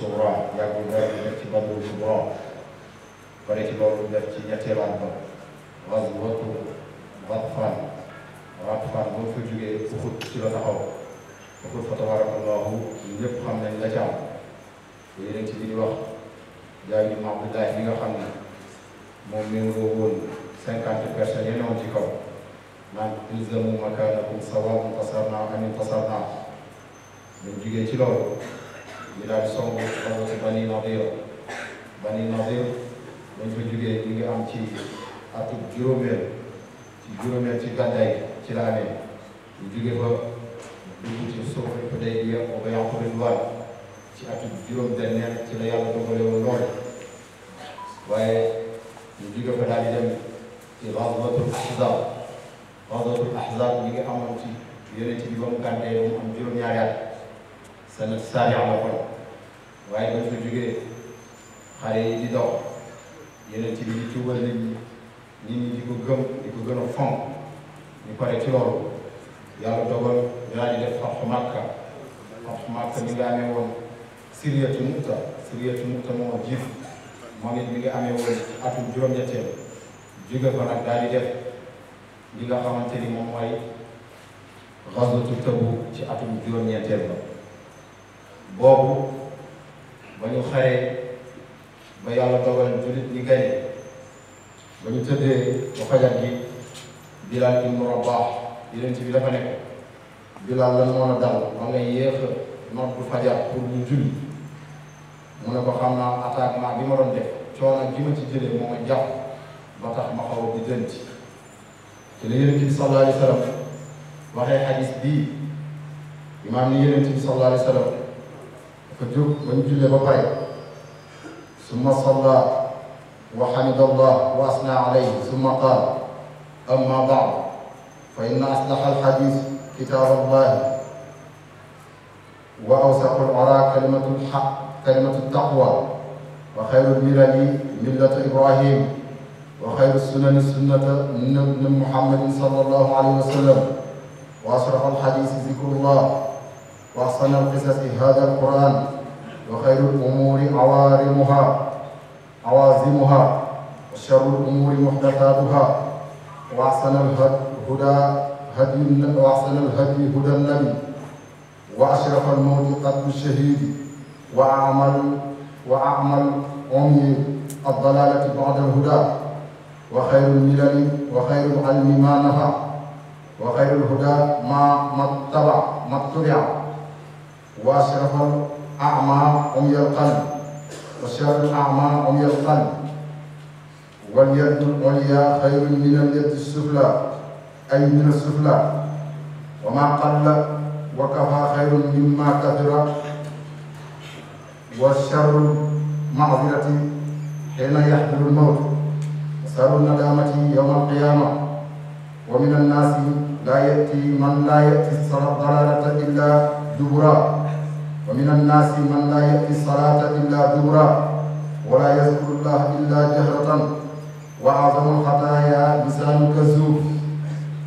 Kubra yàgg loolu def ci Badru Kubra pare ci loolu def ci ñetteelaan ba gazwatu Ghatfan Ghatfan boo fa jógee Uhud ci la taxaw Uhud fa tabarakallahu ñëpp xam nañ la ca am yeneen ci biir wax jaay ñu Abdullah bi nga xam ne moom méngoo woon cinquante personnes yi newoon ci kaw naan ilzamu makaanakum sawaaun tasarnaa am intasarnaa ñu jugee ci loolu ñu daal di song song si Bani Nadir Bani Nadir dañ fa jógee ñu ngi am ci atum juróomeel ci juróomeel ci gàddaay ci la amee ñu jógee fa dugg ci suufu Hudaybiya ba yàqu Ridwaan ci atum juróom-benneel ci la yàlla dogale woon lool waaye ñu jógee fa daal di dem ci Ghazwatul Ahzab Ghazwatul Ahzab ñu ngi amoon ci yeneen ci bi ba mu gàddee mu am juróom-ñaari at sanad saariya la waaye ba fa jógee xare yi di dox yeneen ci biir ci wàllu nit ñi gën a fonk ñu pare ci loolu yàlla dogal ñu daal di def fatxu Makka fatxu Makka mi ngi amee woon Siriyatu Mutta Siriyatu Mutta moo jiif moom it mi ngi amee woon atum juróom-ñetteel jóge fa nag daal di def li nga xamante ni moom mooy xaswatu Tabuk ci atum juróom-ñetteel la. boobu ba ñu xaree ba yàlla dogal jullit ñi gañe ba ñu tëddee ba fajar gi Bilaal ibnu Rabaax yeneen ci bi dafa nekk Bilaal lan moo la dal ba nga yéex a noddu fajar pour ñu julli mu ne ko xam naa attaquement bi ma doon def coono gi ma ci jëlee moo ma jàpp ba tax ma xaw a di dënti te li Yonent bi sallallahu alayhi wa sallam waxee xadis bii ni Yonent bi sallallahu alayhi wa فجوك ونجل ربعي ثم صلى وحمد الله وأثنى عليه ثم قال أما بعد فإن أصلح الحديث كتاب الله وأوثق العراء كلمة الحق كلمة التقوى وخير الملل ملة إبراهيم وخير السنن سنة من محمد صلى الله عليه وسلم وأصرف الحديث ذكر الله وأحسن القصص هذا القرآن وخير الأمور عوارمها عوازمها وشر الأمور محدثاتها وأحسن الهدى هدي وأحسن الهدي هدى النبي وأشرف الموت قتل الشهيد وأعمل وأعمل أمي الضلالة بعد الهدى وخير الملل وخير العلم ما نهى وخير الهدى ما ما اتبع ما اتبع وأشرف الأعمى عمي القلب وشر الأعمى عمي القلب واليد العليا خير من اليد السفلى أي من السفلى وما قل وكفى خير مما كثر والشر معذرة حين يحضر الموت وسر الندامة يوم القيامة ومن الناس لا يأتي من لا يأتي الضلالة إلا دبرا ومن الناس من لا يأتي الصلاة إلا دبرا ولا يذكر الله إلا جهرة وأعظم الخطايا لسان كذوب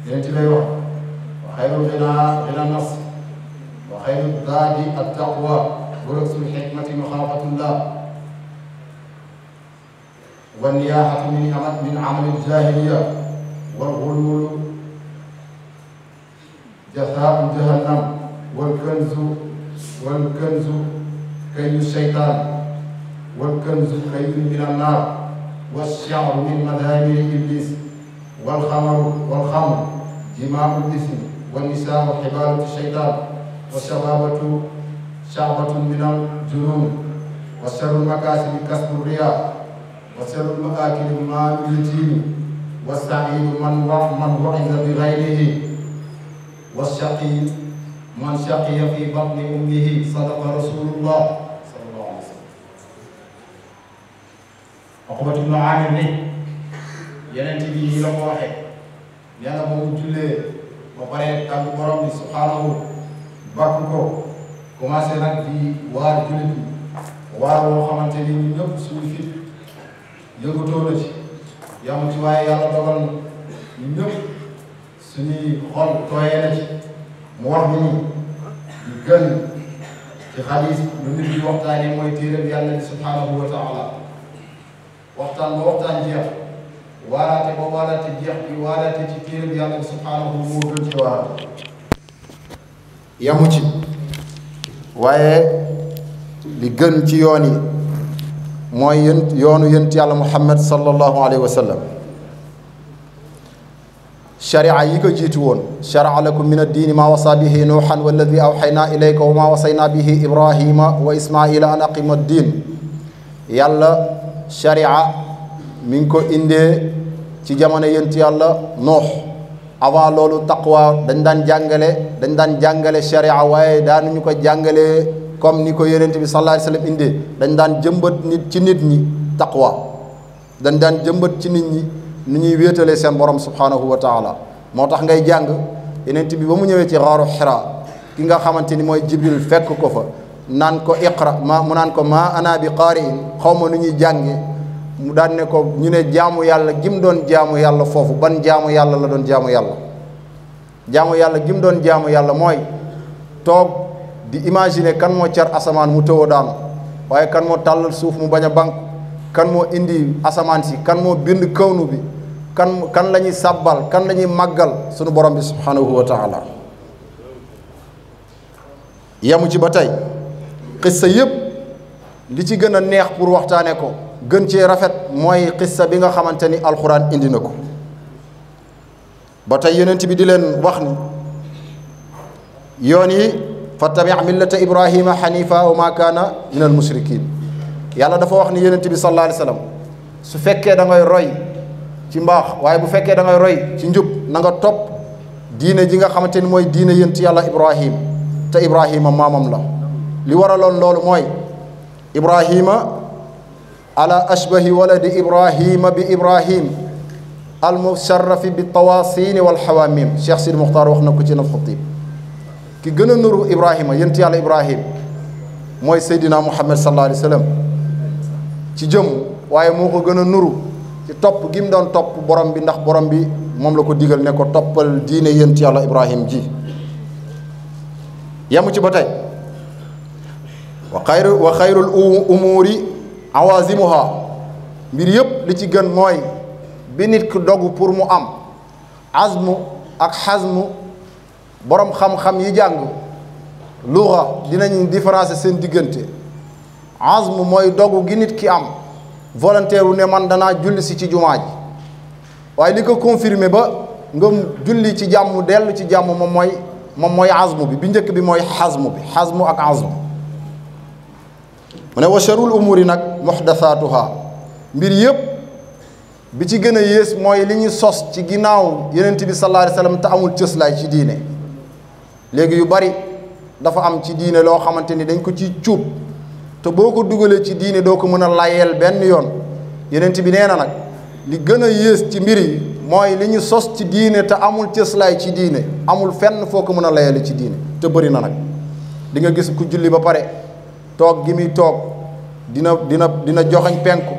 ينتهي بيوع وخير الغنى غنى النصر وخير الزاد التقوى ورأس الحكمة مخافة الله والنياحة من عمل من عمل الجاهلية والغلول جثاء جهنم والكنز والكنز كي الشيطان والكنز كي من النار والشعر من مذاهب إبليس والخمر والخمر جماع الإثم والنساء حبالة الشيطان والشبابة شعبة من الجنون وشر المكاسب كسب الرياء وشر المآكل مال يجيب والسعيد من وعظ بغيره والشقي من شقي في بطن امه صدق رسول الله صلى الله عليه وسلم عقبه بن عامر ني يانتي بي لا مو واخي نانا بو جولي با باري تان بروم سبحانه باكو كوماسي نك في وار جولي وار مو خامتيني ني نيب سوي في يغوتو نتي يامتي واي يالا دوغال ني نيب سوني خول مواطنين يقل في خليفه من اللي وقت علي مو يتير الله سبحانه وتعالى وقت الوقت الجيف وارات بوارات الجيف وارات تتير الله سبحانه وتعالى يا موتي waye li gën ci yoon yi moy yoonu yent yalla muhammad sallallahu alaihi wasallam شريعة يكو جيتون شرع لكم من الدين ما وصى به نوحا والذي أوحينا إليك وما وصينا به إبراهيم وإسماعيل أن أقيموا الدين يلا شريعة منكو إندي ci jamono yent yàlla noox avant taqwa dañ daan jàngale dañ daan jàngale sharia waaye daanuñu ko jàngale comme niko ko yonent bi sallallahu alayhi wasallam indi dañ daan jëmbat nit ci nit ñi taqwa dañ daan jëmbat ci nit ñi ni ñuy wétalé seen borom subhanahu wa taala motax ngay jang yenen tibbi ba mu ñëwé ci xaaru hira ki nga xamanteni ni jibril fekk ko fa nan ko iqra ma mu nan ko ma ana bi qari'in xaw ni ñuy jànge mu daan ne ko ñu ne jaamu yalla gim doon jaamu yalla fofu ban jaamu yalla la doon jaamu yalla jaamu yalla gim doon jaamu yalla moy tok di imaginer kan mo car asaman mu tëw daan waye kan mo talal suuf mu baña bank kan mo indi asaman si kan mo bind kawnu bi kan kan la ñuy sàbbal kan la ñuy màggal sunu borom bi subhanahu wa taala yamu ci ba tey xissa yépp li ci gën a neex pour waxtaane ko gën cee rafet mooy xissa bi nga xamante ni alxuraan indi na ko ba tey yonent bi di leen wax ni yoon yi fattabi millata ibrahima xanifa wa ma kaana min al mushrikin yàlla dafa wax ni yonent bi sallallahu alayhi wa sallam su fekkee da ngay roy ci mbax waye bu fekke da nga roy ci njub na nga top diine ji nga xamanteni moy diine yént yàlla ibrahim ta ibrahim mamam la li waralon lolou moy ibrahim ala ashbahi waladi ibrahim bi ibrahim al musharraf bi tawasin wal hawamim cheikh sid muxtaar waxna ko ci na khatib ki gëna nuru ibrahim yént yàlla ibrahim moy sayidina muhammad sallallahu alaihi wasallam ci jëm waye moko gëna nuru ci topp gi mu doon topp borom bi ndax borom bi moom la ko digal ne ko toppal diine yéen ci yàlla ibrahim ji yemu ci ba tey wa xayru umuuri awazimuha mbir yëpp li ci gën mooy bi nit ku dogu pour mu am asm ak xazmu borom xam-xam yi jàng luxa dinañ différencier seen diggante asm mooy dogu gi nit ki am volontaire ne man dana julli ci ci jumaa ji waaye li confirmer ba ngam julli ci jàmm dellu ci jàmm mom moy mom moy azmu bi bi njëkk bi moy xazmu bi xazmu ak azmu mu ne wa sharul umuri nak muhdathatuha mbir yeb bi ci gëna yes moy li ñi sos ci ginaaw yenen tibi sallallahu alayhi wasallam ta amul lay ci diine legi yu bari dafa am ci diine lo xamanteni dañ ko ci cuub te boo ko dugalee ci diine doo ko mën a layeel benn yoon yenent bi nee na nag li gën a yées ci mbir yi mooy li ñu sos ci diine te amul cëslaay ci diine amul fenn foo ko mën a layale ci diine te bëri na nag di nga gis ku julli ba pare toog gi muy toog dina dina dina joxoñ penku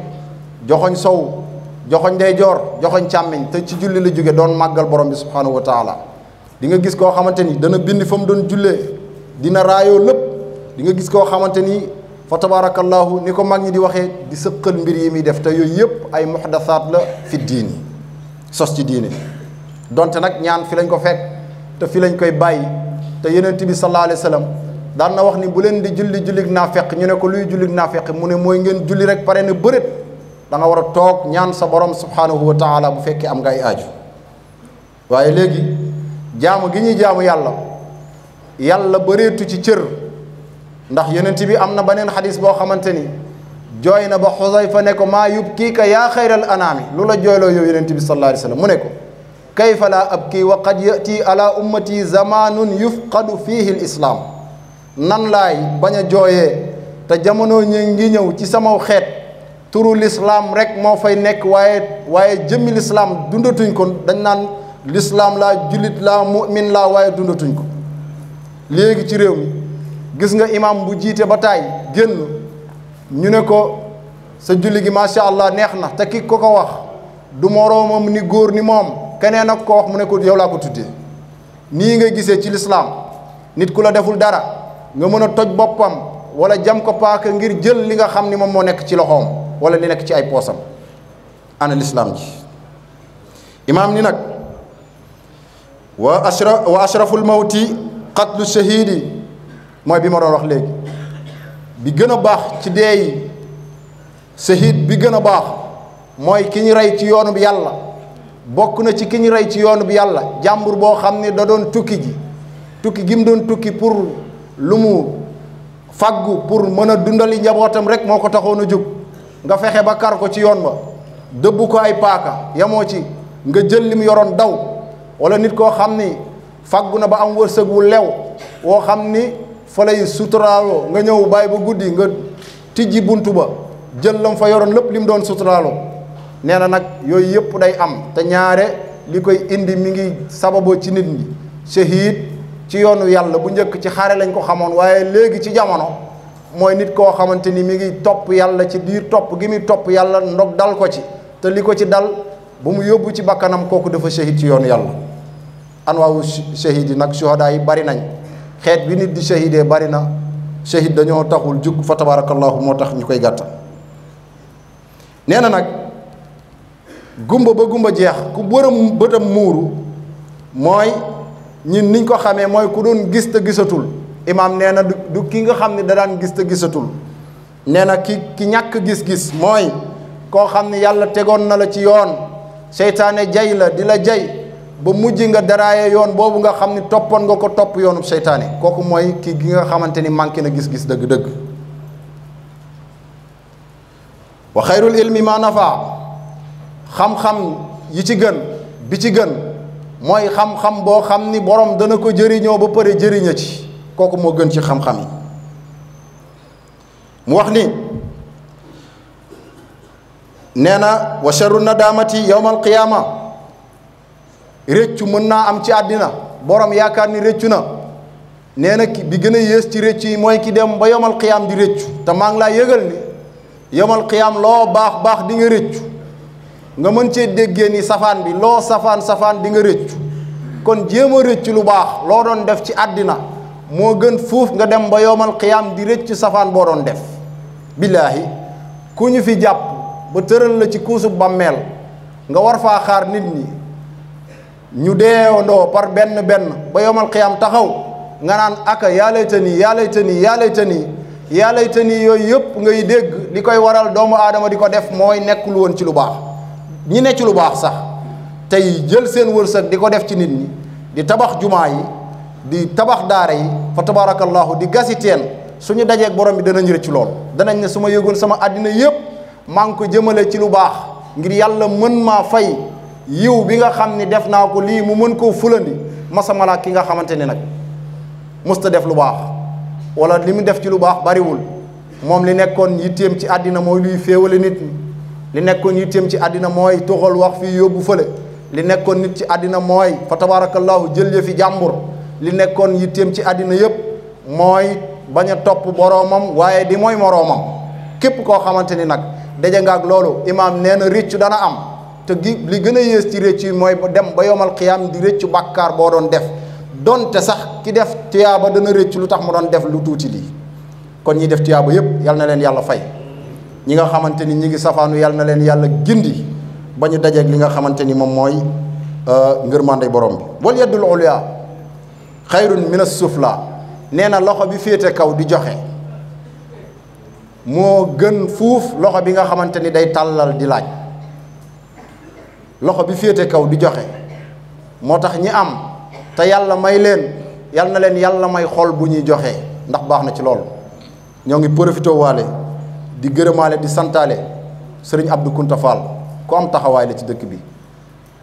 joxoñ sow joxoñ ndeyjoor joxoñ càmmiñ te ci julli la jóge doon màggal borom bi subhaanahu wa taala di nga gis koo xamante ni dana bind fa mu doon jullee dina raayoo lépp nga gis koo xamante ni fa tabaarakallaahu ni ko mag ñi di waxee di sëqal mbir yi muy def te yooyu yëpp ay muxdasaat la fi diini sos ci diini donte nag ñaan fi lañ ko fekk te fi lañ koy bàyyi te yeneen bi sallallaahu alayhi wa sallam daan na wax ni bu leen di julli jullig naafeq ñu ne ko luy jullig naafeq mu ne mooy ngeen julli rek pare na bërét danga war a toog ñaan sa borom subhaanahu wa taala bu fekkee am nga ay aaju waaye léegi jaamu gi ñuy jaamu yàlla yàlla bëreetu ci cër ndax yonent bi am na beneen xadis boo xamante ni jooy na ba xusayfa fa ko maa yub kii ka yaa xayral anaami lu la jooyloo yow yonent bi sallallahu alayhi wa sallam mu ne ko kayfa laa ab kii wa qad yati ala ummati zamanun yufqadu fihi l islaam nan laay bañ a jooyee te jamono ñi ngi ñëw ci sama xeet turu lislaam rek moo fay nekk waaye waaye jëmmi lislaam dundatuñ ko dañ naan lislaam laa jullit laa mu'min laa waaye dundatuñ ko léegi ci réew mi gis nga imam bu jiite ba tàyyi génn ñu ne ko sa julli gi macha allah neex na te ki ko ko wax du moroomam ni góor ni moom keneen ak ko wax mu ne ko yow laa ko tuddee nii nga gisee ci lislaam nit ku la deful dara nga mën a toj boppam wala jam ko paaka ngir jël li nga xam ni moom moo nekk ci loxoom wala li nekk ci ay poosam ana lislaam ji imaam ni nag wa ashraful mawti qatlu shahidi mooy bi ma doon wax léegi bi gën a baax ci dee yi sahid bi gën a baax mooy ki rey ci yoonu yàlla bokk na ci ki rey ci yoonu bi yàlla jàmbur boo xam ne da doon tukki ji tukki gi mu doon tukki pour lu mu faggu pour mën a dundali njabootam rek moo ko taxoon a jóg nga fexe ba kar ko ci yoon ba dëbb ko ay paaka yamoo ci nga jël lim yoroon daw walla nit koo xam ni faggu na ba am wërsëg wu lew woo xam ni falay sutralo nga ñew bay bu guddii nga tijji buntu ba jël lam fa yoron lepp lim doon sutralo neena nak yoy yep day am te ñaare likoy indi mi ngi sababoo ci nit ñi shahid ci yoonu yalla bu njëkk ci xare lañ ko xamoon waye léegi ci jamono moy nit ko xamanteni mi ngi top yalla ci diir top gi mi top yalla ndok dal ko ci te liko ci dal bu mu yobbu ci bakanam koku dafa shahid ci yoonu yalla anwaawu shahidi nak yi bari nañ xeet bi nit di shahidee bari na shahid dañoo taxul jug fa tabarakallahu moo tax ñu koy gàttal nee na nag gumba ba gumba jeex ku bërëm bëtam muuru mooy ñun niñ ko xamee mooy ku doon gis te gisatul imaam nee na du du ki nga xam ne da daan gis te gisatul nee na ki ki ñàkk gis-gis mooy koo xam ne yàlla tegoon na la ci yoon seytaane jay la di la jay ba mujj nga daraaye yoon boobu nga xam ni toppoon nga ko topp yoonu seytaane kooku mooy ki gi nga xamante ni manqué na gis-gis dëgg-dëgg wa xayrul ilmi ma nafa xam-xam yi ci gën bi ci gën mooy xam-xam boo xam ni borom dana ko jëriñoo ba pare jëriña ci kooku moo gën ci xam-xam yi mu wax ni nee wa charu nadamati yowma alqiyaama réccu mën naa am ci àddina borom yaakaar ni réccu na nee na bi gën a yées ci réccu yi mooy kii dem ba yomal xiyaam di réccu te maa ngi laa yëgal ni loo baax baax di nga réccu nga mën cee déggee ni safaan bi loo safaan safaan di nga réccu kon jéem a réccu lu baax loo doon def ci àddina moo gën fuuf nga dem ba yomal xiyaam di réccu safaan boo doon def billaahi ku ñu fi jàpp ba tëral la ci kuusu bàmmeel nga war faa xaar nit ñi ñu deewandoo par benn benn ba yomal qiyam taxaw nga naan aka yaa tani yaa tani yaa tani yaa tani yooyu yëpp ngay dégg li waral doomu aadama di ko def mooy nekkul woon ci lu baax ñi ne ci lu baax sax tey jël seen wërsëg di def ci nit ñi di tabax jumaa yi di tabax daara yi fa tabarakallahu di gasi teen suñu dajeeg borom bi danañ rëcc lool danañ ne suma sama àddina yëpp maa ngi ko jëmale ci lu baax ngir yàlla mën maa fay yiw bi nga xam ni def naa ko lii mu mën koo fulandi masamala ki nga xamante ni nag musta def lu baax wala li mu def ci lu baax bariwul moom li nekkoon yitteem ci àddina mooy luy féewale nit ñi li nekkoon yitteem ci àddina mooy toxal wax fii yóbbu fële li nekkoon nit ci àddina mooy fa tabaarakallaahu jël yëfi jàmbur li nekkoon yitteem ci àddina yépp mooy bañ a topp boroomam waaye di mooy moroomam képp koo xamante ni nag daje nga ak loolu imaam nee na riccu dana am te li gëna yees ci réccu moy dem ba yomal qiyam di réccu bakkar bo doon def donte sax ki def tiyaba dana réccu lutax mu doon def lu tuti li kon ñi def tiyaba yépp yal na leen yalla fay ñi nga xamanteni ñi ngi safanu yal na leen yalla gindi bañu dajje ak li nga mom moy euh mooy ngërmande borom bi wal yadul ulya khairun min as-sufla neena loxo bi fete kaw di joxe mo gën loxo bi nga xamanteni day talal di laaj loxo bi féete kaw di joxe motax ñi am ta yalna may leen yalla na leen yalla may xol bu ñi joxe ndax baax na ci lool ñoo ngi profité di gërëmaale di santalé serigne Abdou kunta Fall ku am taxaway la ci dëkk bi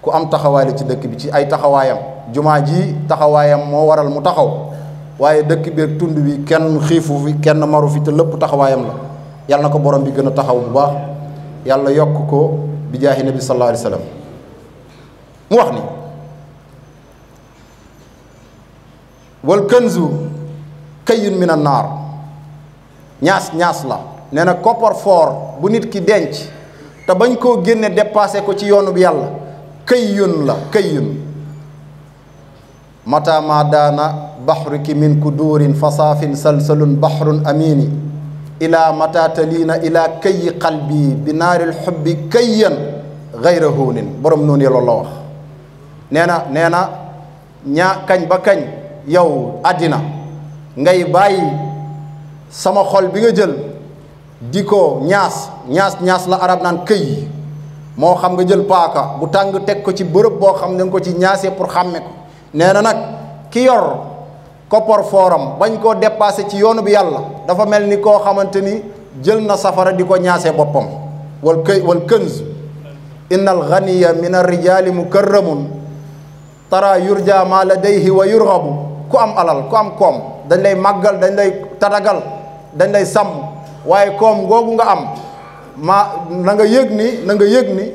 ku am taxaway la ci dëkk bi ci ay taxawayam juma ji taxawayam mo waral mu taxaw waye dëkk bi ak tundu bi kenn xifu fi kenn maru fi te lepp taxawayam la yalla nako borom bi gëna taxaw bu baax yalla yok ko bi jahi nabi sallallahu Alaihi Wasallam. وحني والكنز كي من النار نياس نياس لا نانا كوبر فور بو نيت كي دنج تا باج كو ген ديباسي كو سي يونو بي الله كي لا كي متى ما دانا بحرك من كدور فصاف سلسل بحر امين الى متى تلين الى كي قلبي بنار الحب كيا غير هون بروم نون يلا الله nee na nee na ñaa kañ ba kañ yow àddina ngay bàyyi sama xol bi nga jël di ko ñaas ñaas ñaas la arab naan këy moo xam nga jël paaka bu tàng teg ko ci bërëb boo xam ne nga ko ci ñaasee pour xàmme ko nee na nag ki yor koppar fooram bañ koo dépassé ci yoonu bi yàlla dafa mel ni koo xamante ni jël na safara di ko ñaase boppam wal këy wal kënz inna al ganiya min ar rijaali mukarramun tara yurja ma ladayhi wa yurghabu ku am alal ku am koom dañ lay màggal dañ lay tatagal dañ lay sàmm waaye koom googu nga am ma na nga yëg ni na nga yëg ni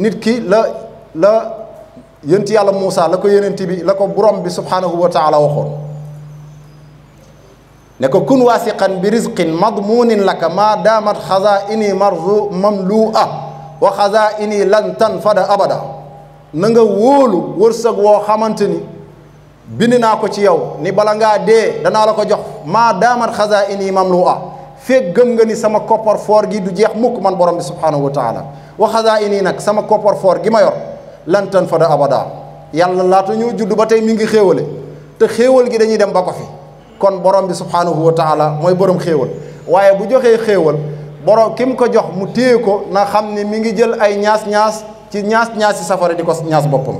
nit ki la la yént yàlla Moussa la ko yénent bi la ko borom bi subhanahu wa taala waxoon ne ko kun waasiqan bi rizqin madmuunin laka ma daamat xaza ini marzu mamlua wa xaza ini lan tanfada abada na nga wóolu wërsëg woo xamante ni bind naa ko ci yow ni bala ngaa dee danaa la ko jox maa daamat xasaa ini mamlu'a fekk gëm nga ni sama koppar foor gi du jeex mukk man borom bi subhaanahu wa taala wa xasaa ini nag sama koppar foor gi ma yor lan tan fada abada yàlla laata ñoo judd ba tey mi ngi xéewale te xéewal gi dañuy dem ba ko fi kon borom bi subhaanahu wa taala mooy borom xéewal waaye bu joxee xéewal borom ki ko jox mu téye ko na xam ni mi ngi jël ay ñaas-ñaas ci ñaas-ñaasi safara di ko ñaas boppam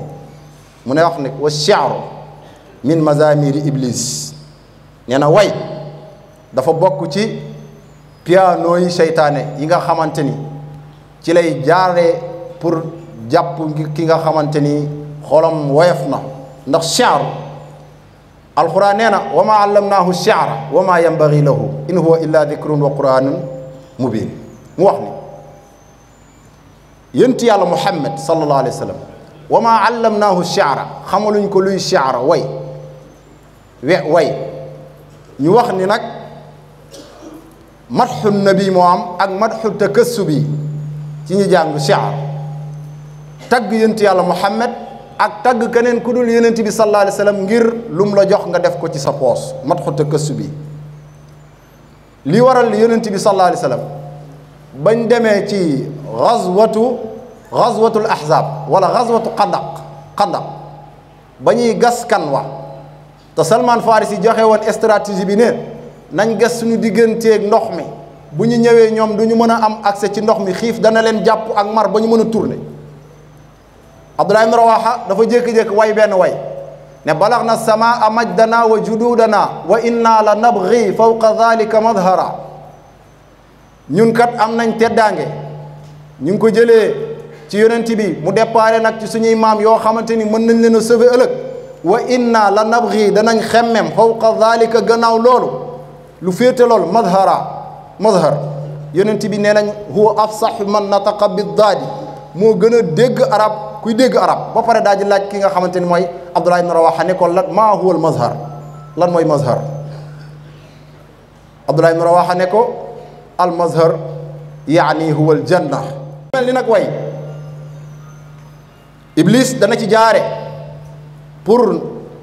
mu ne wax ne wa chiaru min mazamir iblis nee na way dafa bokk ci piano yi seytaane yi nga xamante ni ci lay jaaree pour jàpp ki nga xamante ni xolam woyof na ndax chiaru alquran nee na wa ma allamnaahu chiara wa ma yambagi lahu in huwa illa dikrun wa mubin ينتي على محمد صلى الله عليه وسلم وما علمناه الشعر خملوا نكو لوي الشعر وي وي ني واخني نك مدح النبي موام اك مدح التكسبي تي ني جانغ شعر تاغ ينتي على محمد اك تاغ كنين كودول ينتي صلى الله عليه وسلم غير لوم لا جوخ nga def ko ci sa pos مدح التكسبي لي waral ينتي صلى الله عليه وسلم بن دمتي غزوة غزوة الأحزاب ولا غزوة قدق قدق بني غس كانوا تسلمان فارسي جاهي وان استراتيجي بنين نان غس نو ديغن نخمي بني نيوي نيوم دو نيو ام اكسي نخمي خيف دانا لين جابو اك بني مونا تورني عبد الله بن رواحه دا فا جيك واي بن واي ن السماء مجدنا وجدودنا وانا لنبغي فوق ذلك مظهرة ñun kat am nañ teddange ñu ko jëlé ci yonenti bi mu déparé nak ci suñuy maam yo xamanteni mën nañ leena sauver ëlëk wa inna la nabgi danañ xemmem fawqa zalika gannaaw loolu lu fété lool madhara madhar yonenti bi nenañ huwa afsah man nataqa bi daadi moo gën dégg arab kuy dégg arab ba pare daa ji laaj ki nga xamanteni moy Abdullah ibn Rawaha ne ko lan ma huwa al mazhar lan moy mazhar Abdullah ibn Rawaha ne ko المظهر يعني هو الجنة mel ni nag way Iblis dana ci jaare pour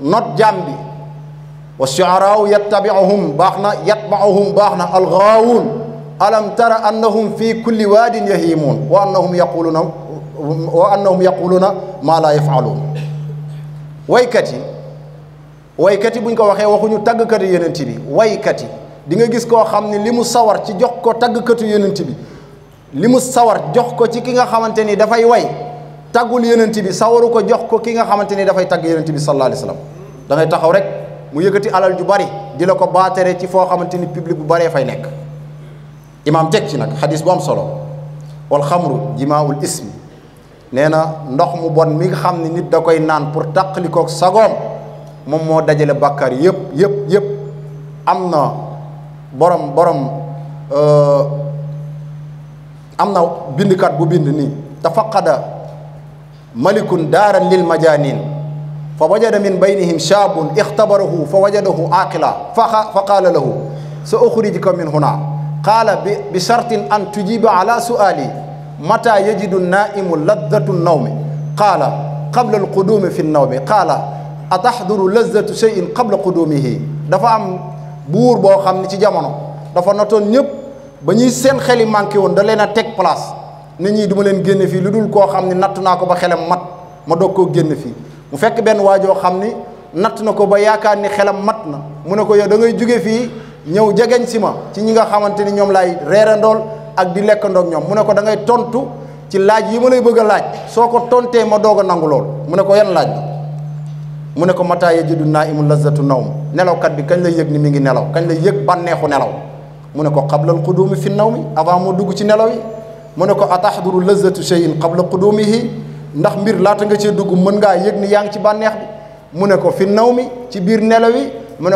not jaam bi wa shu'araaw yattabi'uhum baax na yatba'uhum baax na alghaawuun alam tara annahum fi kulli waadin yahiimuun wa annahum yaquluuna wa annahum yaquluuna maa laa yaf'aluun waykat yi waykat yi buñ ko waxee waxuñu tàggkat yi yeneen ti bi waykat yi di nga gis ko xamni limu sawar ci jox ko taggkatu yonent bi limu sawar jox ko ci ki nga xamanteni da fay way tagul yonent bi sawaru ko jox ko ki nga xamanteni da fay tag sallallahu alaihi wasallam da ngay taxaw rek mu yëkëti alal ju bari di la ko baatere ci fo xamanteni public bu bari fay nek imam tek ci nak hadith bu am solo wal khamru jimaul ismi neena ndox mu bon mi nga xamni nit da koy naan pour ak sagom mom mo dajale bakkar yep yep yep amna borom borom am na bindkat bu bind nii tafaqada malikun daaran lil majanin fa wajada min baynihim shaabun ixtabarahu fa wajadahu aaqila fa qaala lahu sa uxrijuka min huna qaala bi shartin an tujiba ala su'ali mata yajidu naimu laddatu nawmi qaala qabla alqudumi fi nnawmi qaala ataxduru lazzatu cheyin qabla qudumihi dafa am bour bo xamni ni ci jamono dafa noton ñep bañuy seen xel yi manqué woon da leena tek place nit ñi duma leen genn fi luddul ko xamni nat ni ba xelam mat ma do ko genn fi mu fekk ben waajo xamni ni natt na ko ba yaakaar ni xelam mat na mu ne ko yow da ngay jóge fi ñew jageñ si ma ci ñi nga xamanteni ñom lay laay ak di lekkandoog ñom mu ne ko da ngay tontu ci laaj yi ma lay bëgg laaj soko tonté ma nangul lool mu ne ko yan laaj mu ne ko mataa yajidu naimul lazzatu nawm kat bi kagn lay yëg ni mi ngi nelaw kagn lay yëg banexu nelaw mu ne ko qablal quduumi fi nawmi avant mo dug ci nelaw yi mu ne ko ataxduru lazatu cheyin qabla quduumihi ndax mbir laata nga ci dug mën nga yëg ni yaa ci banex bi mu ko fi nawmi ci bir nelaw yi mu ne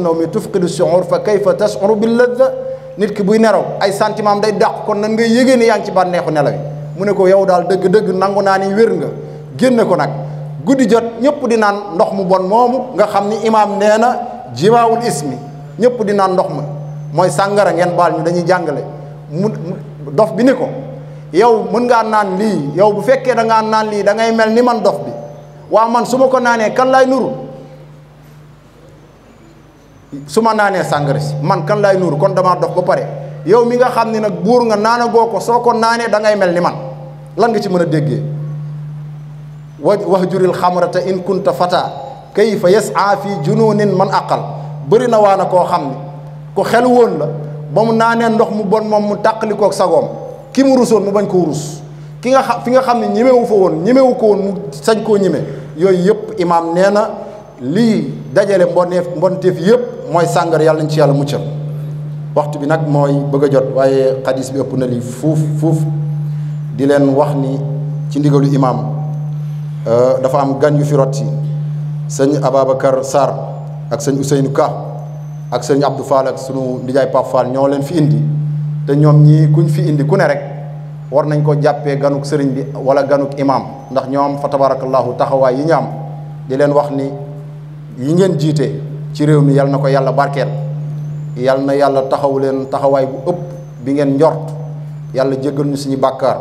nawmi tufqidu shuur fa kayfa tashuru bil lazza nit ki buy nelaw ay sentiment am day dàq kon nan nga yëgee yang ci banexu nelaw yi mu ko yow dal deug deug nanguna ni wér nga génn ko nak guddi jot ñépp di naan ndox mu bon moomu nga xam ni imaam nee na jiwaawul ismi ñëpp di naan ndox ma mooy sàngara ngeen baal ñu dañuy jàngale mu dof bi ni ko yow mën ngaa naan lii yow bu fekkee da ngaa naan lii dangay mel ni man dof bi waa man su ma ko naanee kan laay nuru su ma naanee sàngara si man kan laay nuru kon damaa dof ba pare yow mi nga xam ni nag buur nga naanagoo ko soo ko naanee dangay mel ni man lan nga ci mën a déggee. wa wahjuril xamrata in kunta fata kayfa yas'a fi jununin man aqal bëri na waana koo xam ne ku xel woon la ba mu naanee ndox mu bon moom mu tàqalikook sagoom ki mu rusoon mu bañ koo rus ki nga xam fi nga xam ne ñemewu fa woon ñemewu ko woon mu sañ koo ñeme yooyu yëpp imaam nee na lii dajale mboneef mbonteef yëpp mooy sàngar yàlla nañ ci yàlla mu muccal waxtu bi nag mooy bëgg a jot waaye xadis bi ëpp na lii fuuf fuuf di leen wax ni ci ndigalu imaam Eh, dafa am gan yu fi rotti seigne ababakar sar ak seigne Ousseynou Ka ak seigne Abdou Fall ak sunu ndijay pap Fall ño len fi indi te ñom ñi kuñ fi indi ku ne rek war nañ ko jappé ganuk sëriñ bi wala ganuk imam ndax ñom fa tabarakallahu taxawaay yi ñam am di len wax ni yi ngeen jité ci rew mi yal na yalla barkel yalla yal na yalla taxaw len taxaway bu upp bi ngeen ñort yalla jéggal ñu suñu bakkar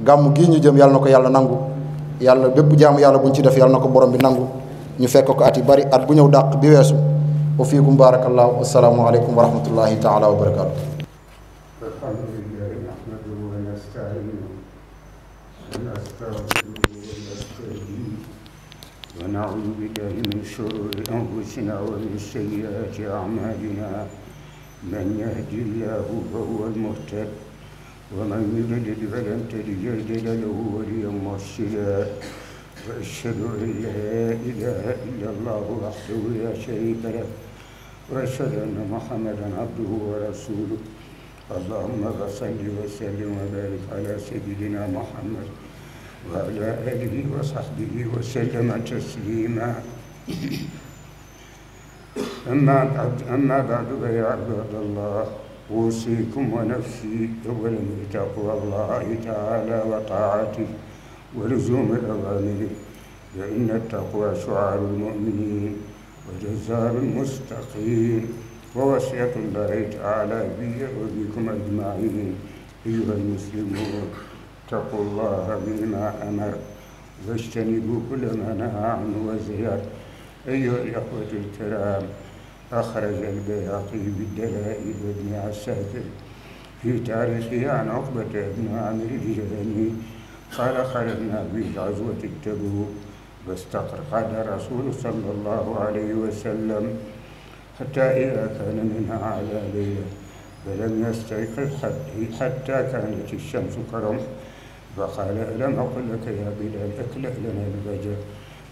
gamu gi ñu jëm yal na yalla nangu yalla bepp jaamu yalla buñ ci def yalla nako borom bi nangu ñu fekk ko ati bari at bu ñew daq bi wessu wa fiikum barakallahu assalamu alaykum wa rahmatullahi taala wa barakatuh ونعوذ بالله من شرور أنفسنا ومن سيئات أعمالنا من يهدي الله فهو المهتد ومن يضلل فلن تجد له وليا مرشدا واشهد ان لا اله الا الله وحده لا شريك له واشهد ان محمدا عبده ورسوله اللهم صل وسلم وبارك على سيدنا محمد وعلى اله وصحبه وسلم تسليما اما بعد اما بعد فيا عباد الله أوصيكم ونفسي أولا بتقوى الله تعالى وطاعته ولزوم أوامره فإن التقوى شعار المؤمنين وجزار المستقيم ووصية الله تعالى بي وبكم أجمعين أيها المسلمون اتقوا الله بما أمر واجتنبوا كل ما نهى عنه وزير أيها الإخوة الكرام أخرج البياطي بالدلائل بن عساكر في تاريخه عن عقبة بن عامر الجهني قال خرجنا في غزوة التبوك فاستقعد رسول صلى الله عليه وسلم حتى إذا كان منها على ليلة فلم يستيقظ حتى كانت الشمس كرم فقال ألم أقل لك يا بلال اكلأ لنا البجر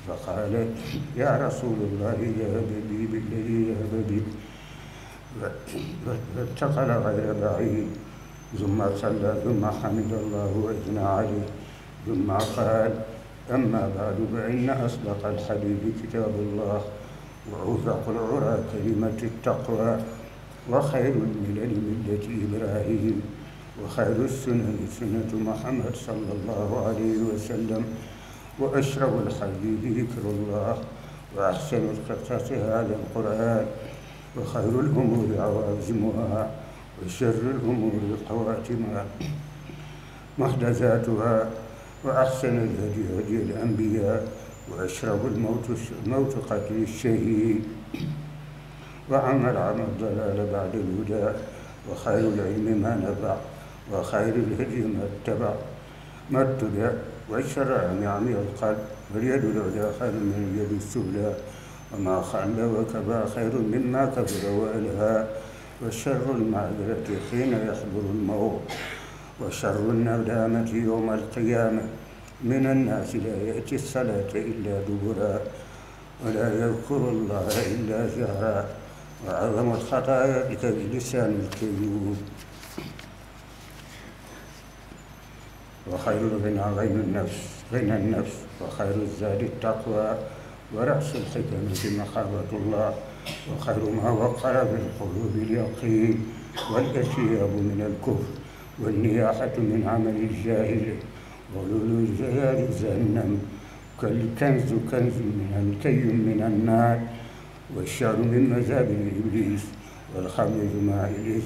فقال يا رسول الله يا بدي بالذي يا بدي فاتقل غير بعيد ثم صلى ثم حمد الله وإثنى عليه ثم قال أما بعد فإن أصدق الحديث كتاب الله وأوثق العرى كلمة التقوى وخير الملل ملة إبراهيم وخير السنن سنة محمد صلى الله عليه وسلم وأشرب الحديد ذكر الله وأحسن القصص هذا القرآن وخير الأمور عوازمها وشر الأمور خواتمها محدثاتها وأحسن الهدي هدي الأنبياء وأشرب الموت موت قتل الشهيد وعمل عمل الضلال بعد الهدى وخير العلم ما نفع وخير الهدي ما اتبع ما اتبع والشرع نعم القلب واليد العليا خير من اليد السفلى وما خل وكبى خير مما كبر وألهى وشر المعذرة حين يحضر الموت وشر الندامة يوم القيامة من الناس لا يأتي الصلاة إلا دبرا ولا يذكر الله إلا جهرا وعظم الخطايا بلسان الكيوب وخير الغنى غنى النفس غنى النفس وخير الزاد التقوى ورأس الحكمة مخافة الله وخير ما وقر في القلوب اليقين والإثياب من الكفر والنياحة من عمل الجاهل غلول الجلال جهنم كالكنز كنز من كي من النار والشعر من مزابل إبليس والخمر ماء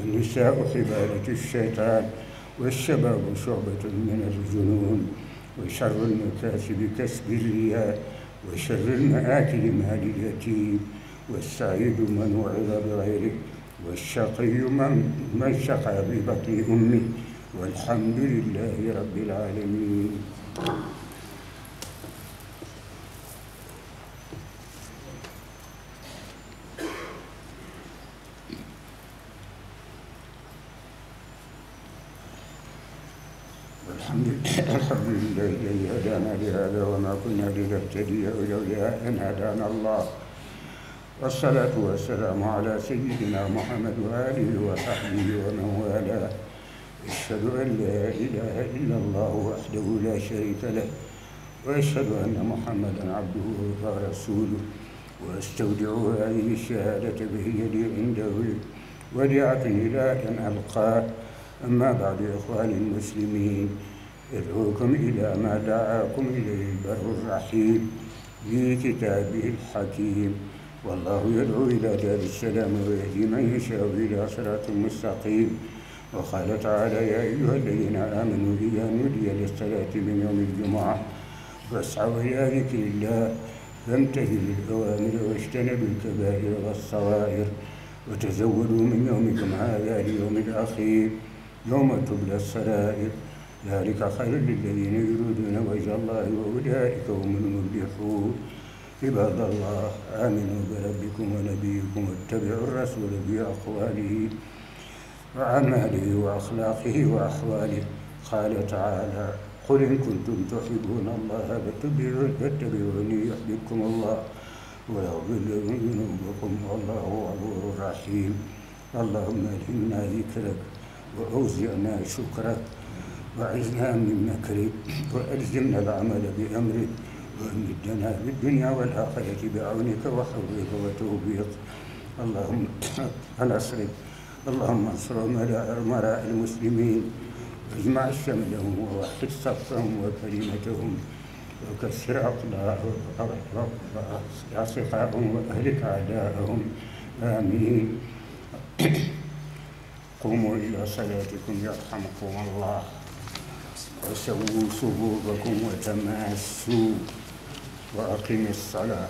والنساء حبالة الشيطان والشباب شعبة من الجنون وشر المكاسب كسب الرياء وشر المآكل مال اليتيم والسعيد من وعظ بغيره والشقي من من شقى ببطن أمه والحمد لله رب العالمين كنا لنهتدي ولولا أن هدانا الله والصلاة والسلام على سيدنا محمد وآله وصحبه ومن والاه أشهد أن لا إله إلا الله وحده لا شريك له وأشهد أن محمدا عبده ورسوله وأستودع هذه الشهادة به لي عنده وديعة لا أن ألقاه أما بعد إخواني المسلمين يدعوكم إلى ما دعاكم إليه البر الرحيم في كتابه الحكيم والله يدعو إلى دار السلام ويهدي من يشاء إلى صراط مستقيم وقال تعالى يا أيها الذين آمنوا إذا نودي للصلاة من يوم الجمعة فاسعوا إلى ذكر الله فامتثلوا الأوامر واجتنبوا الكبائر والصغائر وتزودوا من يومكم هذا ليوم الأخير يوم تبلى السرائر ذلك خير للذين يريدون وجه الله وأولئك هم المفلحون عباد الله آمنوا بربكم ونبيكم واتبعوا الرسول بأقواله وأعماله وأخلاقه وأحواله قال تعالى قل إن كنتم تحبون الله فاتبعوني يحببكم الله ويغفر لكم ذنوبكم والله غفور رحيم اللهم ألهمنا ذكرك وأوزعنا شكرك وعزنا من مكره وألزمنا العمل بأمره وأمدنا بالدنيا والآخرة بعونك وحولك وتوفيق اللهم انصر اللهم انصر أمراء المسلمين واجمع شملهم ووحد صفهم وكلمتهم وكسر أصدقائهم وأهلك اعدائهم آمين قوموا إلى صلاتكم يرحمكم الله وسووا صبوركم وتماسوا وأقيموا الصلاة